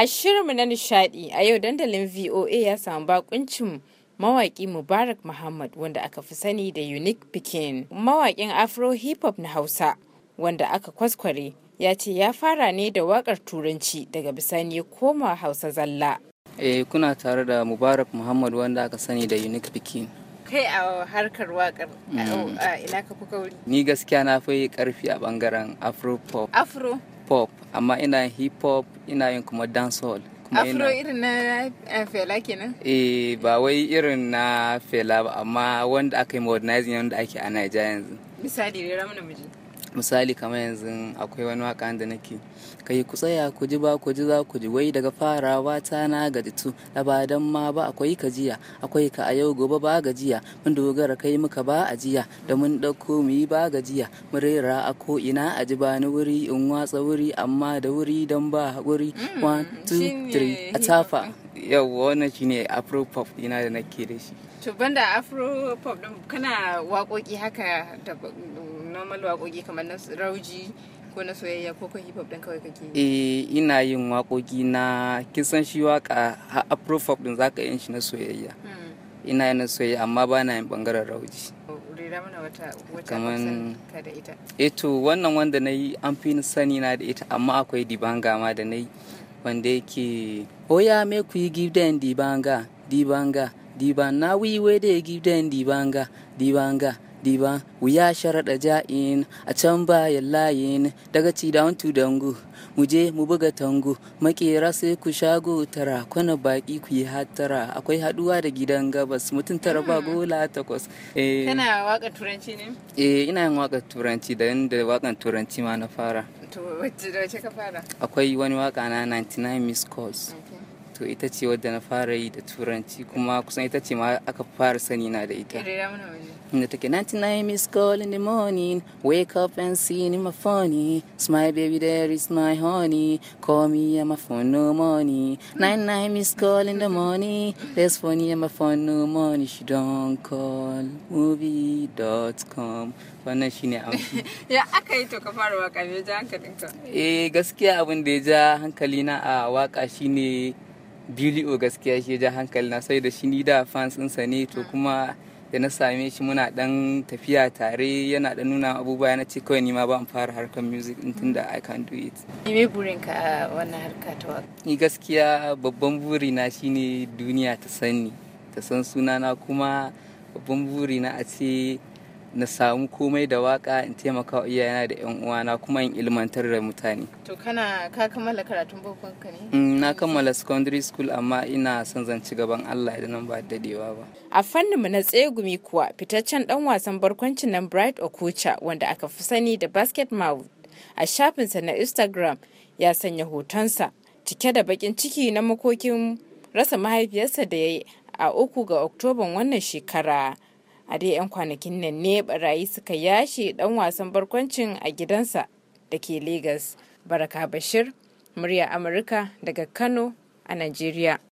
A shirinmu na nishadi a yau dandalin VOA ya samu bakuncin mawaƙi Mubarak Muhammad wanda aka fi sani da Unique Pikin. Mawaƙin Afro Hip Hop na Hausa wanda aka kwaskware ya ce ya fara ne da waƙar Turanci daga bisani koma Hausa zalla. Eh kuna tare da Mubarak Muhammad wanda aka sani da Unique Pikin. kai a harkar wakar mm. ina ka kuka wuri ni gaskiya na fi karfi a bangaren afro pop afro hip hop amma ina yin hip hop ina yin kuma dancehall kuma afro irin na eh, fela kenan eh ba wai irin na fela ba amma wanda aka yi modernizing yadda ake a Nigeria yanzu misali rera mana miji misali kamar yanzu akwai wani waka da nake kai ku tsaya ku ji ba ku ji za ku ji wai daga farawa ta na gaji tu labadan ma ba akwai ka jiya akwai ka a yau gobe ba gajiya mun dogara kai muka ba a jiya da mun dauko mu yi ba gajiya mun rera a ko ina a ji ba ni wuri in watsa wuri amma da wuri dan ba wuri 1 2 3 a tafa yawwa wannan shine afro pop ina da nake da shi to banda afro pop din kana waƙoƙi haka da normal waƙoƙi kamar na rauji ko na soyayya ko kan hip hop ɗin kawai kake eh ina yin waƙoƙi na kin san shi waƙa har afro pop din zaka yin shi na soyayya hmm. ina yin soyayya amma ba na yin bangaren rauji rera mana wata wata kaman ka da ita eh to wannan wanda yi an fi sani na da ita amma akwai dibanga ma da na yi wanda yake oya ku yi give them dibanga dibanga diba na wiwe da dey give them dibanga dibanga diba wuya sharaɗa ja'in a can bayan layin daga cidan tudangu mu je mu buga tango makera sai ku shago tara kwana baki ku yi hattara akwai haduwa da gidan gabas mutum tara ba gola takwas eh. kana waka turanci ne eh ina yin waka turanci da da wakan turanci ma na fara to wacce ka fara akwai wani waka na 99 miss calls okay. to ita ce wadda na fara yi da turanci kuma kusan ita ce ma aka fara sani na da ita inda take 99 miss call in the morning wake up and see in my phone smile baby there is my honey call me on my phone no money 99 miss call in the morning there's phone on my phone no money she don't call movie.com wannan shine amshi ya aka yi to ka fara waka me ji hankalinka eh gaskiya abin da ya ja hankalina a waka shine biliyo gaskiya shi ja hankali na sai da shi ni da fans ɗinsa ne to kuma da na same shi muna dan tafiya tare yana da nuna abubuwa na ce kawai nima ba in fara harkar music in tunda I can do it. Me burin a wannan harka ta wa. Ni gaskiya babban burina shine duniya ta sani ta san sunana kuma babban burina a ce na samu komai da waka in taimaka wa iyayena da yan uwana kuma in ilmantar da mutane to kana ka kammala karatun bokon ka ne mm, na kammala secondary school amma ina son zan ci gaban Allah idan nan ba dadewa ba a fannin mu na tsegumi kuwa fitaccen dan wasan barkwancin nan Bright Okocha wanda aka fi sani da Basket Mouth a shafinsa na Instagram ya sanya hotonsa cike da bakin ciki na makokin rasa mahaifiyarsa da ya yi a uku ga Oktoban wannan shekara a dai 'yan kwanakin nan ne barayi suka yashe dan wasan barkwancin a gidansa da ke lagos Baraka Bashir, murya Amurka daga Kano a Najeriya.